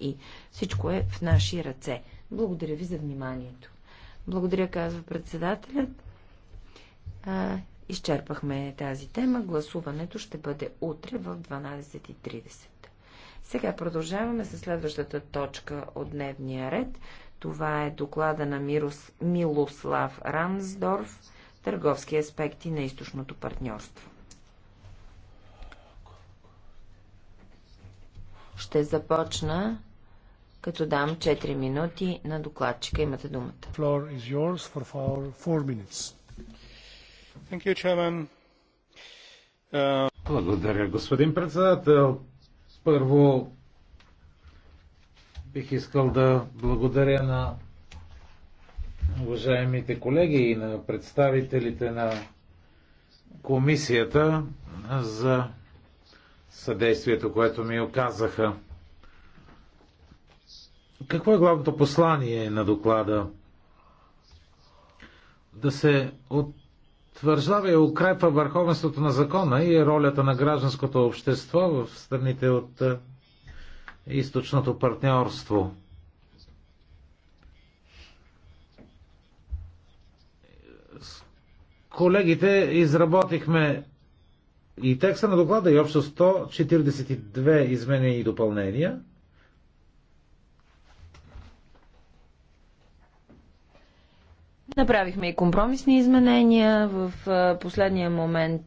и Всичко е в наши ръце. Благодаря ви за вниманието. Благодаря, казва председателят. А, изчерпахме тази тема. Гласуването ще бъде утре в 12.30. Сега продължаваме с следващата точка от дневния ред. Това е доклада на Мирос, Милослав Рамсдорф, търговски аспекти на източното партньорство. Ще започна като дам 4 минути на докладчика. Имате думата. Floor is yours for four minutes. Thank you, Chairman. Uh... Благодаря, господин председател. Първо бих искал да благодаря на уважаемите колеги и на представителите на комисията за съдействието, което ми оказаха. Какво е главното послание на доклада? Да се утвърждава и укрепва върховенството на закона и ролята на гражданското общество в страните от е, източното партньорство. колегите изработихме и текста на доклада е и общо 142 изменения и допълнения. Направихме и компромисни изменения. В последния момент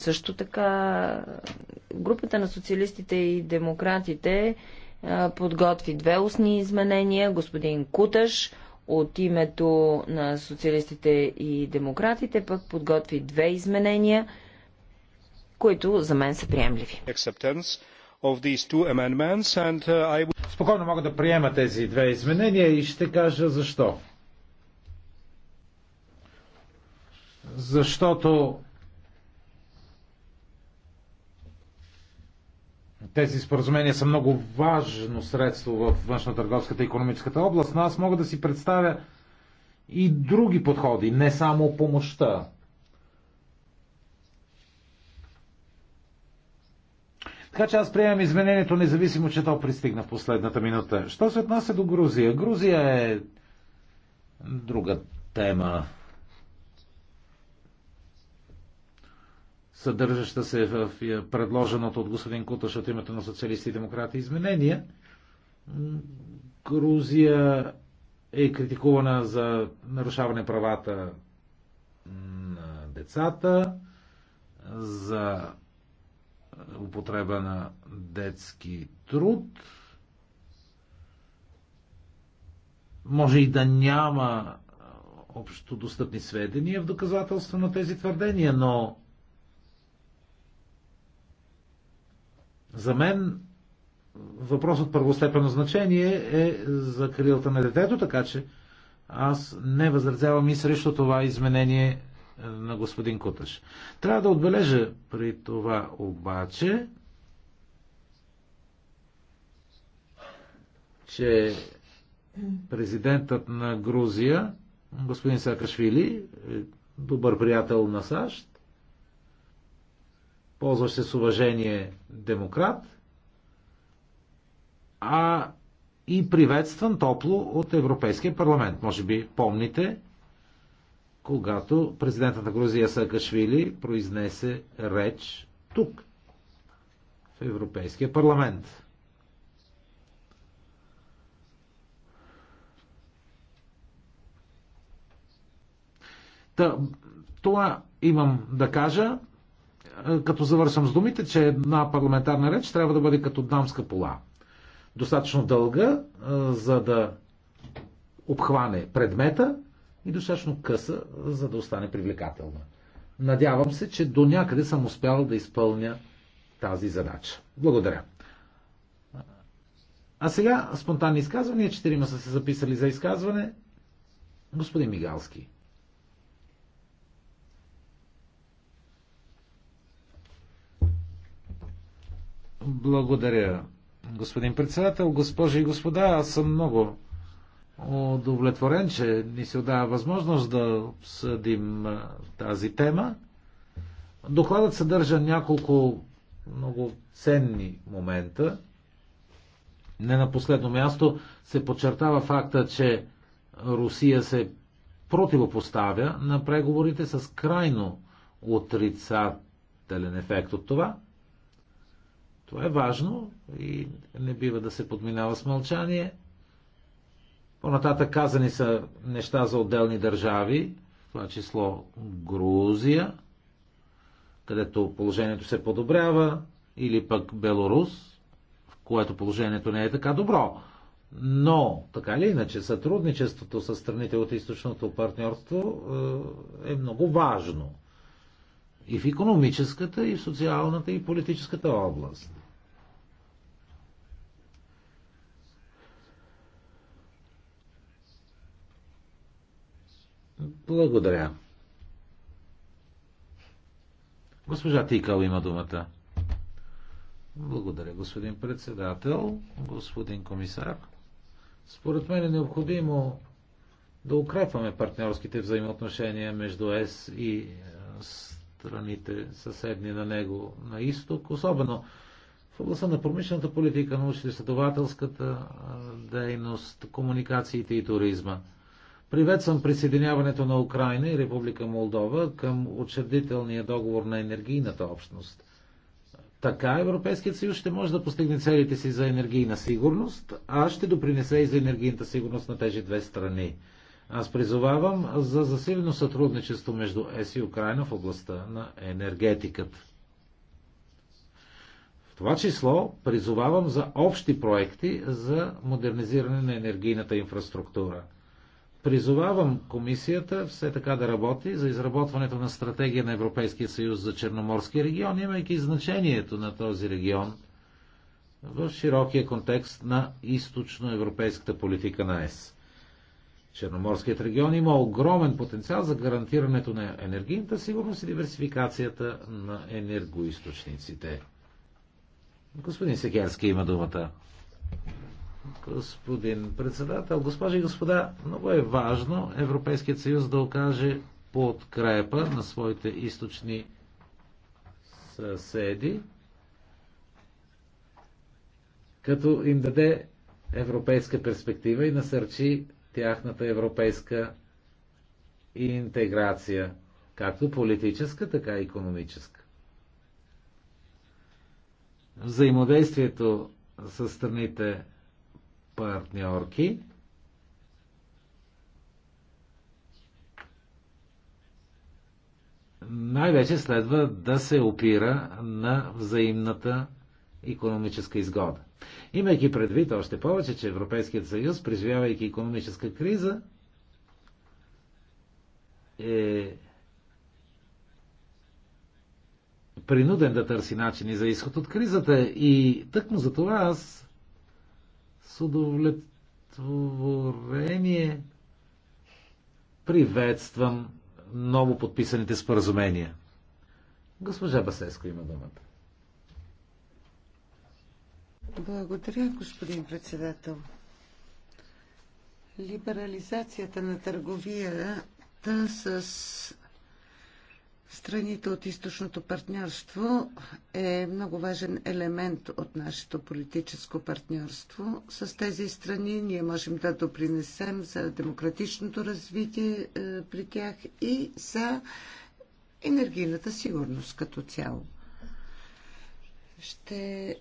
също така групата на социалистите и демократите подготви две устни изменения. Господин Куташ от името на социалистите и демократите пък подготви две изменения – които за мен са приемливи. Uh, Спокойно мога да приема тези две изменения и ще кажа защо. Защото тези споразумения са много важно средство в външно-търговската и економическата област, но аз мога да си представя и други подходи, не само помощта. Така че аз приемам изменението, независимо, че то пристигна в последната минута. Що се отнася до Грузия? Грузия е друга тема, съдържаща се в е, предложеното от господин Куташ от името на социалисти и демократи изменения. Грузия е критикувана за нарушаване правата на децата, за употреба на детски труд. Може и да няма общо достъпни сведения в доказателство на тези твърдения, но за мен въпрос от първостепенно значение е за крилата на детето, така че аз не възразявам и срещу това изменение на господин Куташ. Трябва да отбележа при това обаче, че президентът на Грузия, господин Сакашвили, е добър приятел на САЩ, ползваше с уважение демократ, а и приветстван топло от Европейския парламент. Може би помните, когато президентът на Грузия Саакашвили произнесе реч тук, в Европейския парламент. Та, това имам да кажа, е, като завършвам с думите, че една парламентарна реч трябва да бъде като дамска пола. Достатъчно дълга, е, за да обхване предмета, и достатъчно къса, за да остане привлекателна. Надявам се, че до някъде съм успял да изпълня тази задача. Благодаря. А сега спонтанни изказвания. Четирима са се записали за изказване. Господин Мигалски. Благодаря, господин председател, госпожи и господа. Аз съм много удовлетворен, че ни се дава възможност да обсъдим тази тема. Докладът съдържа няколко много ценни момента. Не на последно място се подчертава факта, че Русия се противопоставя на преговорите с крайно отрицателен ефект от това. Това е важно и не бива да се подминава с мълчание – по-нататък казани са неща за отделни държави, в това число Грузия, където положението се подобрява, или пък Белорус, в което положението не е така добро. Но, така ли иначе, сътрудничеството с страните от източното партньорство е, е много важно. И в економическата, и в социалната, и в политическата област. Благодаря. Госпожа Тикал има думата. Благодаря, господин председател, господин комисар. Според мен е необходимо да укрепваме партньорските взаимоотношения между ЕС и е, страните съседни на него на изток, особено в областта на промишлената политика, научно-изследователската е, дейност, комуникациите и туризма – Приветствам присъединяването на Украина и Република Молдова към учредителния договор на енергийната общност. Така Европейският съюз ще може да постигне целите си за енергийна сигурност, а ще допринесе и за енергийната сигурност на тези две страни. Аз призовавам за засилено сътрудничество между ЕС и Украина в областта на енергетиката. В това число призовавам за общи проекти за модернизиране на енергийната инфраструктура. Призовавам комисията все така да работи за изработването на стратегия на Европейския съюз за Черноморския регион, имайки значението на този регион в широкия контекст на източноевропейската политика на ЕС. Черноморският регион има огромен потенциал за гарантирането на енергийната сигурност и диверсификацията на енергоисточниците. Господин Секерски има думата господин председател. Госпожи и господа, много е важно Европейският съюз да окаже подкрепа на своите източни съседи, като им даде европейска перспектива и насърчи тяхната европейска интеграция, както политическа, така и економическа. Взаимодействието с страните партньорки. Най-вече следва да се опира на взаимната економическа изгода. Имайки предвид още повече, че Европейският съюз, преживявайки економическа криза, е принуден да търси начини за изход от кризата и тъкмо за това аз с удовлетворение приветствам ново подписаните споразумения. Госпожа Басеско има думата. Благодаря, господин председател. Либерализацията на търговията с страните от източното партньорство е много важен елемент от нашето политическо партньорство. С тези страни ние можем да допринесем за демократичното развитие е, при тях и за енергийната сигурност като цяло. Ще е,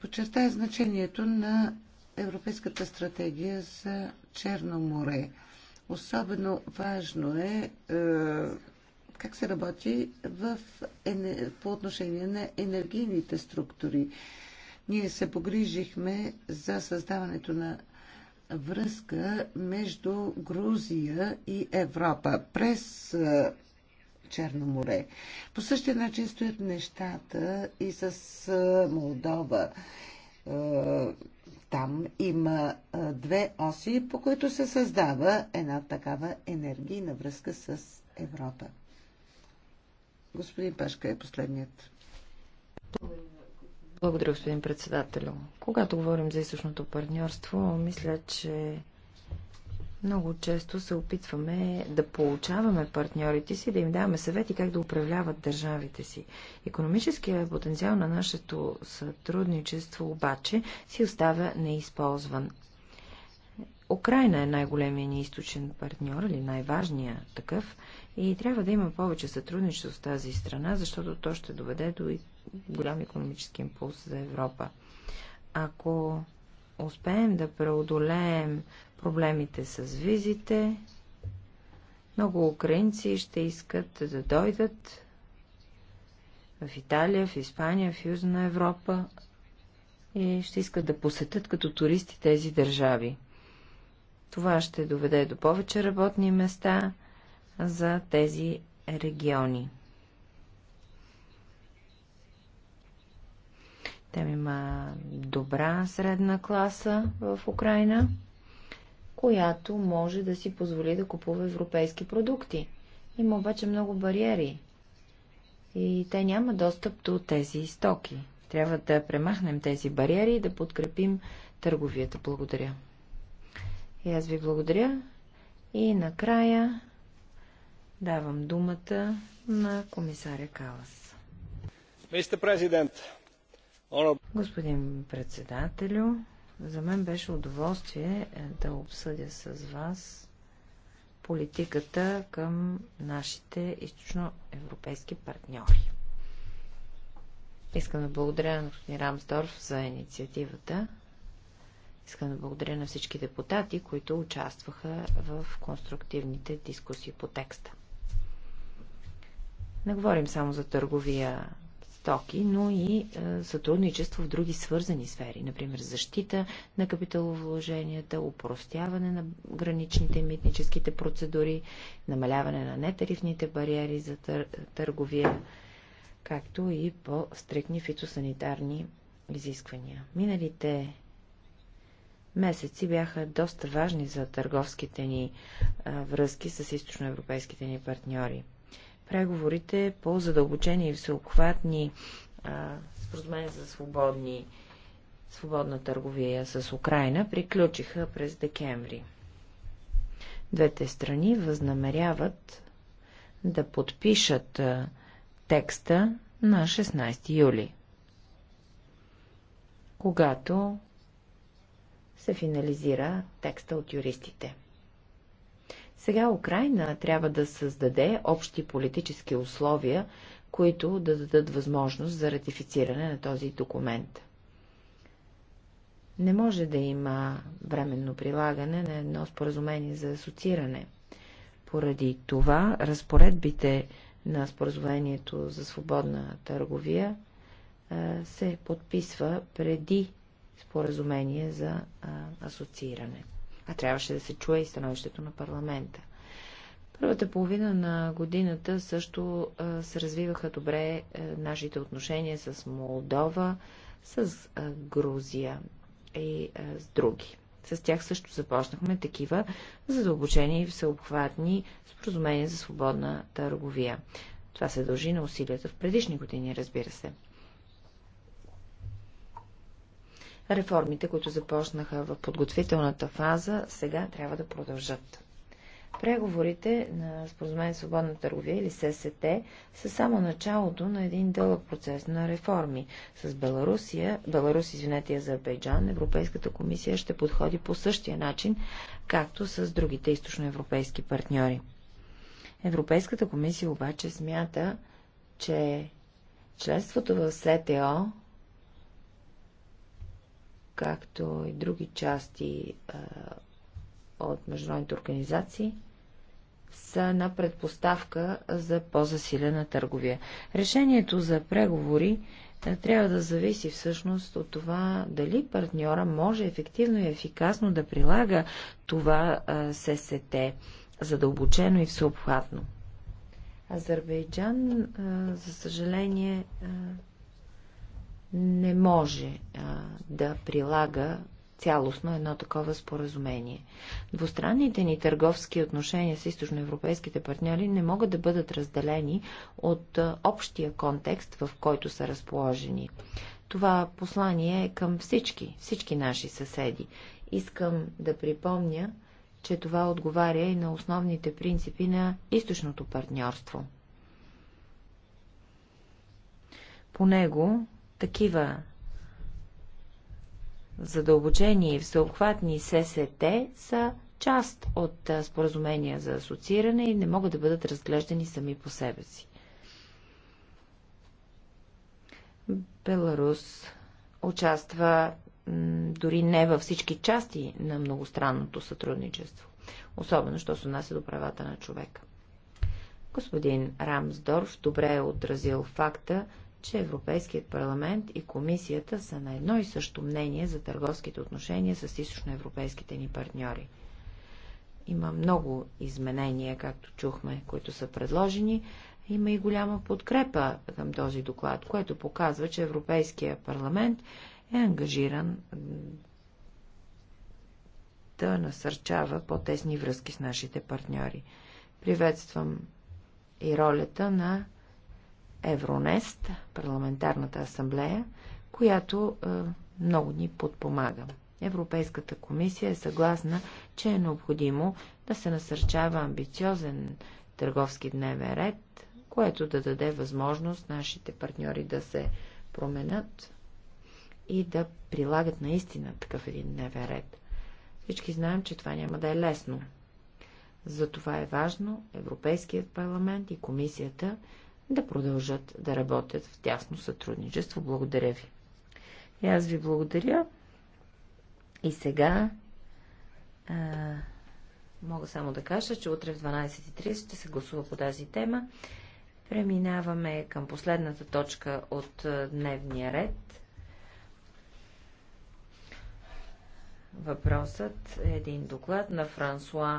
подчертая значението на Европейската стратегия за Черно море. Особено важно е, е как се работи в, по отношение на енергийните структури. Ние се погрижихме за създаването на връзка между Грузия и Европа през Черно море. По същия начин стоят нещата и с Молдова. Там има две оси, по които се създава една такава енергийна връзка с Европа. Господин Пашка е последният. Благодаря, господин председател. Когато говорим за източното партньорство, мисля, че много често се опитваме да получаваме партньорите си, да им даваме съвети как да управляват държавите си. Економическият потенциал на нашето сътрудничество обаче си остава неизползван. Украина е най-големия ни източен партньор или най-важния такъв и трябва да има повече сътрудничество с тази страна, защото то ще доведе до голям економически импулс за Европа. Ако успеем да преодолеем проблемите с визите, много украинци ще искат да дойдат в Италия, в Испания, в Южна Европа и ще искат да посетят като туристи тези държави. Това ще доведе до повече работни места за тези региони. Там има добра средна класа в Украина, която може да си позволи да купува европейски продукти. Има обаче много бариери и те няма достъп до тези стоки. Трябва да премахнем тези бариери и да подкрепим търговията. Благодаря. И аз ви благодаря. И накрая давам думата на комисаря Калас. Господин председателю, за мен беше удоволствие е, да обсъдя с вас политиката към нашите източноевропейски партньори. Искам да благодаря на господин Рамсдорф за инициативата. Искам да благодаря на всички депутати, които участваха в конструктивните дискусии по текста. Не говорим само за търговия стоки, но и е, сътрудничество в други свързани сфери, например защита на капиталовложенията, упростяване на граничните и митническите процедури, намаляване на нетарифните бариери за тър, търговия, както и по-стрикни фитосанитарни изисквания. Миналите месеци бяха доста важни за търговските ни а, връзки с източноевропейските ни партньори. Преговорите по задълбочени и всеобхватни споразумения за свободни, свободна търговия с Украина приключиха през декември. Двете страни възнамеряват да подпишат а, текста на 16 юли, когато се финализира текста от юристите. Сега Украина трябва да създаде общи политически условия, които да дадат възможност за ратифициране на този документ. Не може да има временно прилагане на едно споразумение за асоцииране. Поради това разпоредбите на споразумението за свободна търговия се подписва преди споразумение за а, асоцииране. А трябваше да се чуе и становището на парламента. Първата половина на годината също а, се развиваха добре а, нашите отношения с Молдова, с а, Грузия и а, с други. С тях също започнахме такива задълбочени и всеобхватни споразумения за свободна търговия. Това се дължи на усилията в предишни години, разбира се. Реформите, които започнаха в подготвителната фаза, сега трябва да продължат. Преговорите на Споразумение свободна търговия или ССТ са само началото на един дълъг процес на реформи. С Беларусия, Беларус, извинете, Азербайджан, Европейската комисия ще подходи по същия начин, както с другите източноевропейски партньори. Европейската комисия обаче смята, че членството в СТО както и други части а, от международните организации, са на предпоставка за по-засилена търговия. Решението за преговори трябва да зависи всъщност от това дали партньора може ефективно и ефикасно да прилага това ССТ задълбочено и всеобхватно. Азербайджан, за съжаление, не може а, да прилага цялостно едно такова споразумение. Двустранните ни търговски отношения с източноевропейските партньори не могат да бъдат разделени от общия контекст, в който са разположени. Това послание е към всички, всички наши съседи. Искам да припомня, че това отговаря и на основните принципи на източното партньорство. По него такива задълбочени и всеобхватни ССТ са част от споразумения за асоцииране и не могат да бъдат разглеждани сами по себе си. Беларус участва дори не във всички части на многостранното сътрудничество, особено, що се отнася до правата на човека. Господин Рамсдорф добре е отразил факта, че Европейският парламент и комисията са на едно и също мнение за търговските отношения с източноевропейските ни партньори. Има много изменения, както чухме, които са предложени. Има и голяма подкрепа към този доклад, което показва, че Европейския парламент е ангажиран да насърчава по-тесни връзки с нашите партньори. Приветствам и ролята на Евронест, парламентарната асамблея, която е, много ни подпомага. Европейската комисия е съгласна, че е необходимо да се насърчава амбициозен търговски дневен ред, което да даде възможност нашите партньори да се променят и да прилагат наистина такъв един дневен ред. Всички знаем, че това няма да е лесно. Затова е важно Европейският парламент и комисията да продължат да работят в тясно сътрудничество. Благодаря ви. И аз ви благодаря. И сега а, мога само да кажа, че утре в 12.30 ще се гласува по тази тема. Преминаваме към последната точка от дневния ред. Въпросът е един доклад на Франсуа